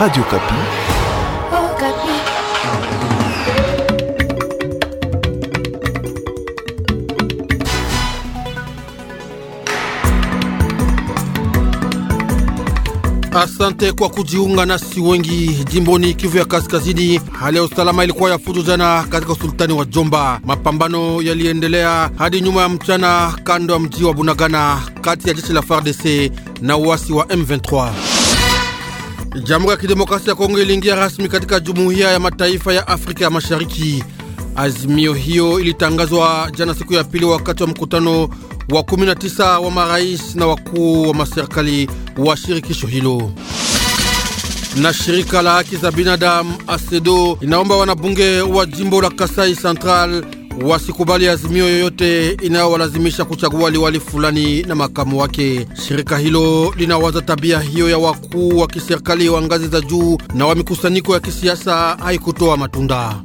Radio Kapi. Oh, Kapi. Asante kwa kujiunga nasi wengi. Jimboni Kivu ya Kaskazini, hali ya usalama ilikuwa ya fujo jana katika usultani wa Jomba. Mapambano yaliendelea hadi nyuma ya mchana kando ya mji wa Bunagana, kati ya jeshi la FARDC na uasi wa M23. Jamhuri ya Kidemokrasia ya Kongo iliingia rasmi katika Jumuiya ya Mataifa ya Afrika ya Mashariki. Azimio hiyo ilitangazwa jana siku ya pili wakati wa mkutano wa 19 wa marais na wakuu wa maserikali wa shirikisho hilo. Na shirika la haki za binadamu ASEDO inaomba wanabunge wa jimbo la Kasai Central wasikubali azimio yoyote inayowalazimisha kuchagua liwali fulani na makamu wake. Shirika hilo linawaza tabia hiyo ya wakuu wa kiserikali wa ngazi za juu na wa mikusanyiko ya kisiasa haikutoa matunda.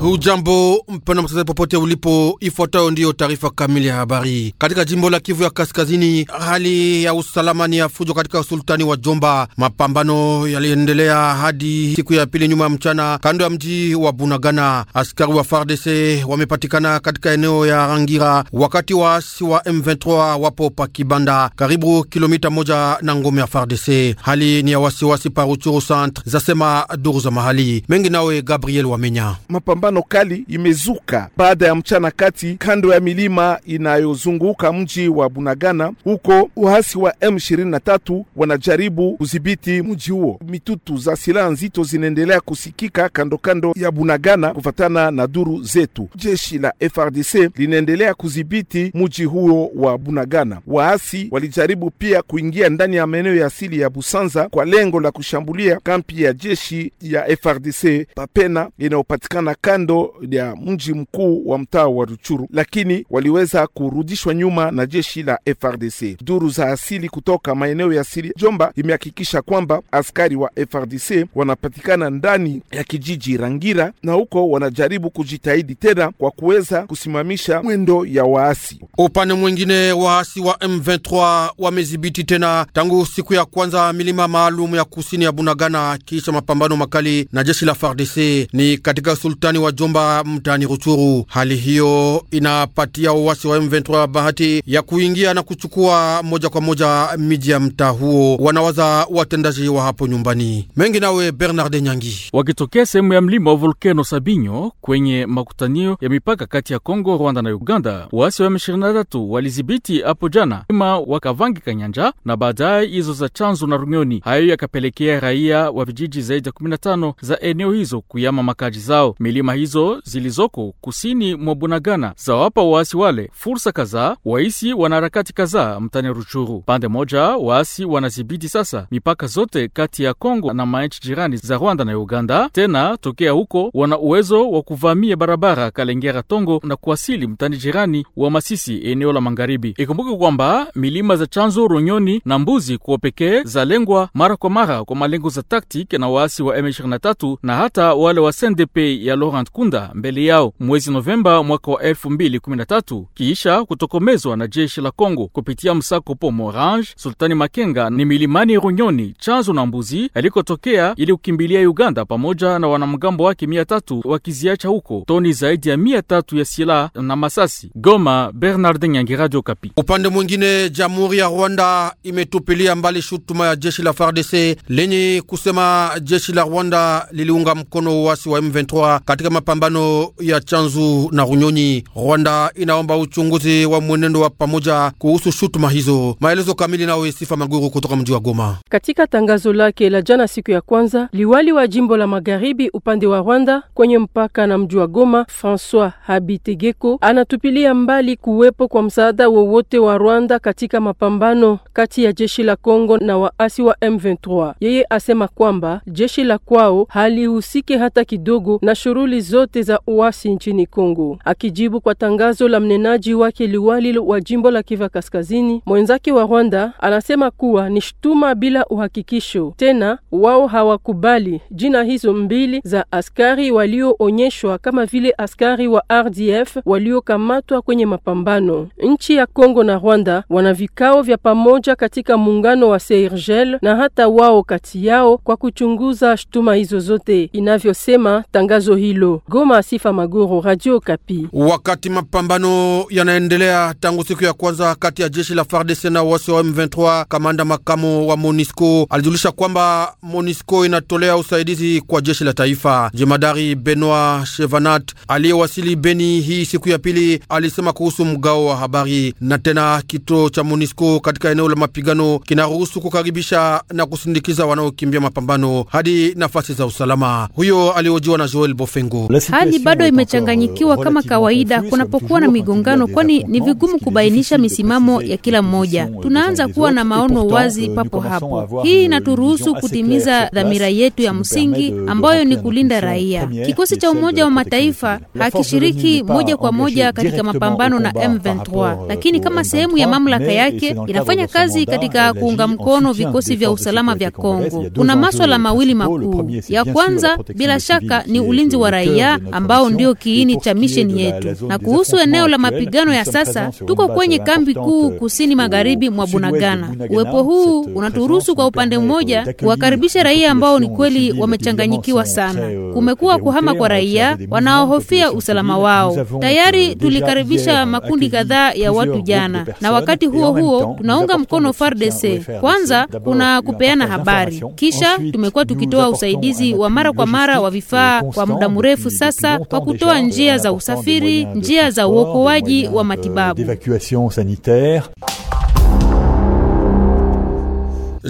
Hujambo mpana msikilizaji, popote ulipo, ifuatayo ndiyo taarifa kamili ya habari. Katika jimbo la Kivu ya Kaskazini, hali ya usalama ni ya fujo katika usultani wa Jomba. Mapambano yaliendelea hadi siku ya pili nyuma ya mchana, kando ya mji wa Bunagana. Askari wa FARDC wamepatikana katika eneo ya Rangira, wakati waasi wa M23 wapo pa Kibanda, karibu kilomita moja na ngome ya FARDC. Hali ni ya wasiwasi pa Ruchuru centre, zasema duru za mahali mengi. Nawe Gabriel Wamenya Mapambano mapambano kali imezuka baada ya mchana kati kando ya milima inayozunguka mji wa Bunagana. Huko uhasi wa M23 wanajaribu kudhibiti mji huo. Mitutu za silaha nzito zinaendelea kusikika kando kando ya Bunagana. Kufatana na duru zetu, jeshi la FRDC linaendelea kudhibiti mji huo wa Bunagana. Waasi walijaribu pia kuingia ndani ya maeneo ya asili ya Busanza kwa lengo la kushambulia kampi ya jeshi ya FRDC Papena inayopatikana kando ya mji mkuu wa mtaa wa Ruchuru, lakini waliweza kurudishwa nyuma na jeshi la FRDC. Duru za asili kutoka maeneo ya asili Jomba imehakikisha kwamba askari wa FRDC wanapatikana ndani ya kijiji Rangira na huko wanajaribu kujitahidi tena kwa kuweza kusimamisha mwendo ya waasi. Upande mwingine, waasi wa M23 wamezibiti tena tangu siku ya kwanza milima maalum ya kusini ya Bunagana kisha mapambano makali na jeshi la FARDC ni katika sultani wajomba mtaani Ruchuru. Hali hiyo inapatia uwasi wa M23 bahati ya kuingia na kuchukua moja kwa moja miji ya mtaa huo, wanawaza watendaji wa hapo nyumbani mengi. Nawe Bernard Nyangi wakitokea sehemu ya mlima wa volkano Sabinyo kwenye makutanio ya mipaka kati ya Kongo, Rwanda na Uganda, waasi wa M23 walizibiti hapo jana ima wakavangi Kanyanja na baadaye hizo za Chanzu na runyoni Hayo yakapelekea raia wa vijiji zaidi ya 15 za eneo hizo kuyama makaji zao milima Njama hizo zilizoko kusini mwa Bunagana zawapa waasi wale fursa kadhaa, waisi wanaharakati kadhaa mtani Ruchuru. Pande moja, waasi wanazibiti sasa mipaka zote kati ya Kongo na manchi jirani za Rwanda na Uganda. Tena tokea huko wana uwezo wa kuvamia barabara Kalengera Tongo na kuwasili mtani jirani wa Masisi, eneo la magharibi. Ikumbuke kwamba milima za chanzo Runyoni na Mbuzi kwa pekee zalengwa mara kwa mara kwa malengo za taktik na waasi wa M23 na hata wale wa SNDP ya Laurent Laurent Kunda mbele yao mwezi Novemba mwaka wa 2013 kiisha kutokomezwa na jeshi la Kongo kupitia msako po Morange. Sultani Makenga ni milimani Runyoni, Chanzo na Mbuzi alikotokea ili kukimbilia Uganda pamoja na wanamgambo wake mia tatu wakiziacha huko toni zaidi ya mia tatu ya silaha na masasi. Goma, Bernard Nyangi, Radio Kapi. Upande mwingine, jamhuri ya Rwanda imetupilia mbali shutuma ya jeshi la FARDC lenye kusema jeshi la Rwanda liliunga mkono uasi wa M23 katika mapambano ya Chanzu na Runyonyi. Rwanda inaomba uchunguzi wa mwenendo wa pamoja kuhusu shutuma hizo. Maelezo kamili nawe Sifa Maguru kutoka mji wa Goma. Katika tangazo lake la jana siku ya kwanza, liwali wa jimbo la magharibi upande wa Rwanda kwenye mpaka na mji wa Goma, François Habitegeko, anatupilia mbali kuwepo kwa msaada wowote wa Rwanda katika mapambano kati ya jeshi la Kongo na waasi wa M23. Yeye asema kwamba jeshi la kwao halihusike hata kidogo na shughuli zote za uasi nchini Kongo. Akijibu kwa tangazo la mnenaji wake liwali wa jimbo la Kiva Kaskazini, mwenzake wa Rwanda anasema kuwa ni shutuma bila uhakikisho. Tena wao hawakubali jina hizo mbili za askari walioonyeshwa kama vile askari wa RDF waliokamatwa kwenye mapambano. Nchi ya Kongo na Rwanda wana vikao vya pamoja katika muungano wa Seirgel na hata wao kati yao kwa kuchunguza shutuma hizo zote, inavyosema tangazo hilo. Goma. Sifa Magoro, Radio Kapi. Wakati mapambano yanaendelea tangu siku ya kwanza kati ya jeshi la FARDC na wasi wa M23, kamanda makamu wa MONISCO alijulisha kwamba MONISCO inatolea usaidizi kwa jeshi la taifa. Jemadari Benoit Chevanat aliyewasili Beni hii siku ya pili alisema kuhusu mgao wa habari na tena kituo cha MONISCO katika eneo la mapigano kinaruhusu kukaribisha na kusindikiza wanaokimbia mapambano hadi nafasi za usalama. Huyo aliojiwa na Joel Bofengo. Hali bado imechanganyikiwa kama kawaida kunapokuwa na migongano, kwani ni vigumu kubainisha misimamo ya kila mmoja. Euh, Tunaanza kuwa na maono wazi euh, papo hapo. Hii inaturuhusu kutimiza dhamira yetu ya msingi ambayo ni kulinda raia. Kikosi cha Umoja wa Mataifa hakishiriki moja kwa moja katika mapambano na M23, euh, lakini kama sehemu ya mamlaka yake inafanya kazi katika kuunga mkono vikosi vya usalama vya Kongo. Kuna maswala mawili makuu. Ya kwanza bila shaka ni ulinzi wa raia raia ambao ndio kiini cha misheni yetu. Na kuhusu eneo la mapigano ya sasa, tuko kwenye kambi kuu kusini magharibi mwa Bunagana. Uwepo huu unaturuhusu kwa upande mmoja kuwakaribisha raia ambao ni kweli wamechanganyikiwa sana. Euh, Kumekuwa kuhama kwa raia wanaohofia usalama wao. Tayari euh, tulikaribisha makundi kadhaa ya watu jana, na wakati huo huo tunaunga mkono FARDC. Kwanza kuna kupeana habari, kisha tumekuwa tukitoa usaidizi wa mara kwa mara wa vifaa kwa muda mrefu mrefu sasa kwa kutoa euh, njia za usafiri, njia za uokoaji wa matibabu.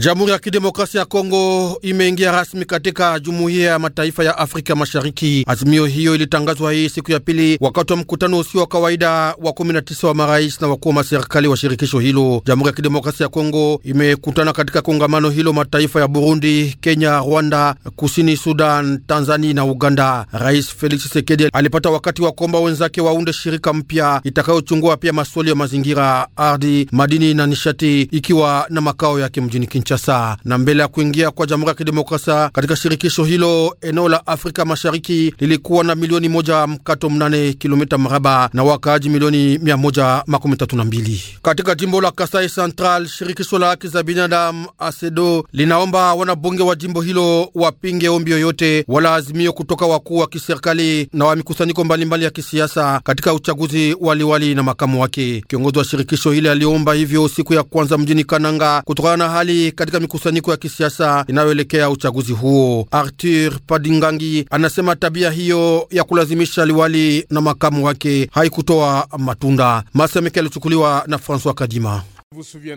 Jamhuri ya Kidemokrasia ya Kongo imeingia rasmi katika Jumuiya ya Mataifa ya Afrika Mashariki. Azimio hiyo ilitangazwa hii siku ya pili wakati wa mkutano usio wa kawaida wa 19 wa marais na wakuu wa maserikali wa shirikisho hilo. Jamhuri ya Kidemokrasia ya Kongo imekutana katika kongamano hilo mataifa ya Burundi, Kenya, Rwanda, Kusini Sudan, Tanzania na Uganda. Rais Felix Tshisekedi alipata wakati wa kuomba wenzake waunde shirika mpya itakayochungua pia maswali ya mazingira, ardhi, madini na nishati, ikiwa na makao yake mjini Kinshasa. Kinshasa. Na mbele ya kuingia kwa Jamhuri ya Kidemokrasia katika shirikisho hilo, eneo la Afrika Mashariki lilikuwa na milioni moja mkato mnane kilomita maraba na wakaaji milioni mia moja makumi tatu na mbili. Katika jimbo la Kasai Central, shirikisho la haki za binadamu ASEDO linaomba wanabunge wa jimbo hilo wapinge ombi yoyote wala azimio kutoka wakuu wa kiserikali na wa mikusanyiko mbalimbali ya kisiasa katika uchaguzi waliwali wali na makamu wake. Kiongozi wa shirikisho hili aliomba hivyo siku ya kwanza mjini Kananga kutokana na hali katika mikusanyiko ya kisiasa inayoelekea uchaguzi huo. Arthur Padingangi anasema tabia hiyo ya kulazimisha liwali na makamu wake haikutoa matunda. Masemeke alichukuliwa na François Kadima.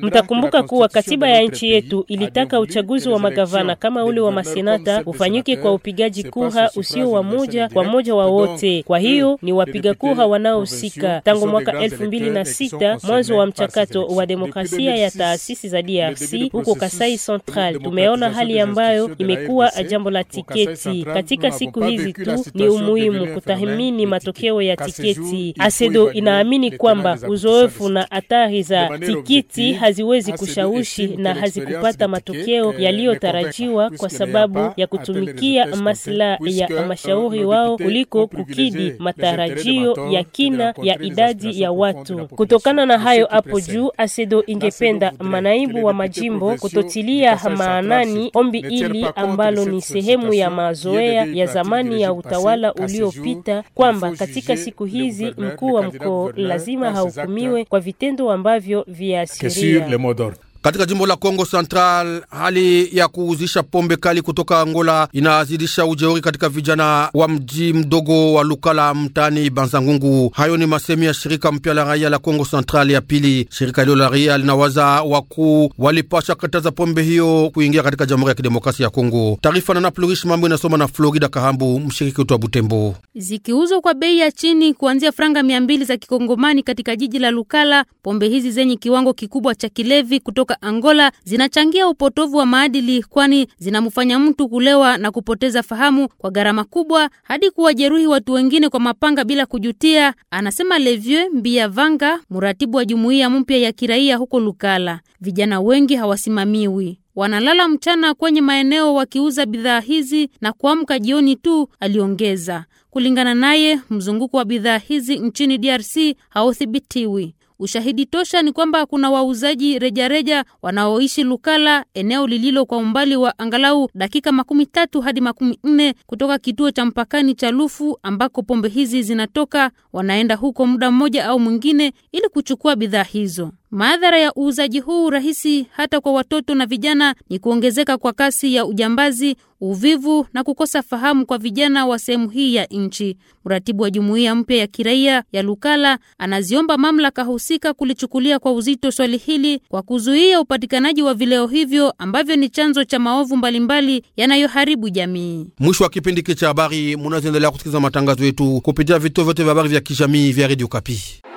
Mtakumbuka kuwa katiba ya nchi yetu ilitaka uchaguzi wa magavana kama ule wa masenata ufanyike kwa upigaji kura usio wa moja kwa moja wa wote. Kwa hiyo ni wapiga kura wanaohusika. Tangu mwaka elfu mbili na sita, mwanzo wa mchakato wa demokrasia ya taasisi za DRC huko Kasai Central, tumeona hali ambayo imekuwa jambo la tiketi. Katika siku hizi tu ni umuhimu kutathmini matokeo ya tiketi. ASEDO inaamini kwamba uzoefu na hatari za tiketi gazeti haziwezi kushawishi na hazikupata matokeo eh, yaliyotarajiwa kwa sababu ya kutumikia masla ya uh, mashauri wao eh, kuliko kukidi eh, matarajio ya kina ya idadi ya watu. Kutokana na hayo hapo juu, ASEDO ingependa manaibu wa majimbo kutotilia maanani ombi ili ambalo ni sehemu ya mazoea ya zamani ya utawala uliopita, kwamba katika siku hizi mkuu wa mkoo lazima hahukumiwe kwa vitendo ambavyo vya Que sur le mot d'ordre. Katika jimbo la Kongo Central, hali ya kuuzisha pombe kali kutoka Angola inazidisha ujeuri katika vijana wa mji mdogo wa Lukala mtaani Banzangungu. Hayo ni masemi ya shirika mpya la raia la Kongo Central ya pili. Shirika hilo la raia linawaza wakuu walipasha kataza pombe hiyo kuingia katika Jamhuri ya Kidemokrasia ya Kongo. Taarifa na Naplurish mambo inasoma na Florida Kahambu, mshiriki wetu wa Butembo. Zikiuzwa kwa bei ya chini kuanzia franga mia mbili za kikongomani katika jiji la Lukala, pombe hizi zenye kiwango kikubwa cha kilevi kutoka kutoka Angola zinachangia upotovu wa maadili, kwani zinamfanya mtu kulewa na kupoteza fahamu kwa gharama kubwa hadi kuwajeruhi watu wengine kwa mapanga bila kujutia, anasema Levieux vanga mratibu wa jumuiya mpya ya kiraia huko Lukala. Vijana wengi hawasimamiwi wanalala mchana kwenye maeneo wakiuza bidhaa hizi na kuamka jioni tu, aliongeza. Kulingana naye, mzunguko wa bidhaa hizi nchini DRC hauthibitiwi. Ushahidi tosha ni kwamba kuna wauzaji rejareja wanaoishi Lukala, eneo lililo kwa umbali wa angalau dakika makumi tatu hadi makumi nne kutoka kituo cha mpakani cha Lufu ambako pombe hizi zinatoka. Wanaenda huko muda mmoja au mwingine ili kuchukua bidhaa hizo. Madhara ya uuzaji huu rahisi hata kwa watoto na vijana ni kuongezeka kwa kasi ya ujambazi uvivu na kukosa fahamu kwa vijana wa sehemu hii ya nchi. Mratibu wa jumuiya mpya ya kiraia ya Lukala anaziomba mamlaka husika kulichukulia kwa uzito swali hili kwa kuzuia upatikanaji wa vileo hivyo ambavyo ni chanzo cha maovu mbalimbali yanayoharibu jamii. Mwisho wa kipindi hiki cha habari, munazoendelea kusikiliza matangazo yetu kupitia vituo vyote vya habari vya kijamii vya Redio Kapi.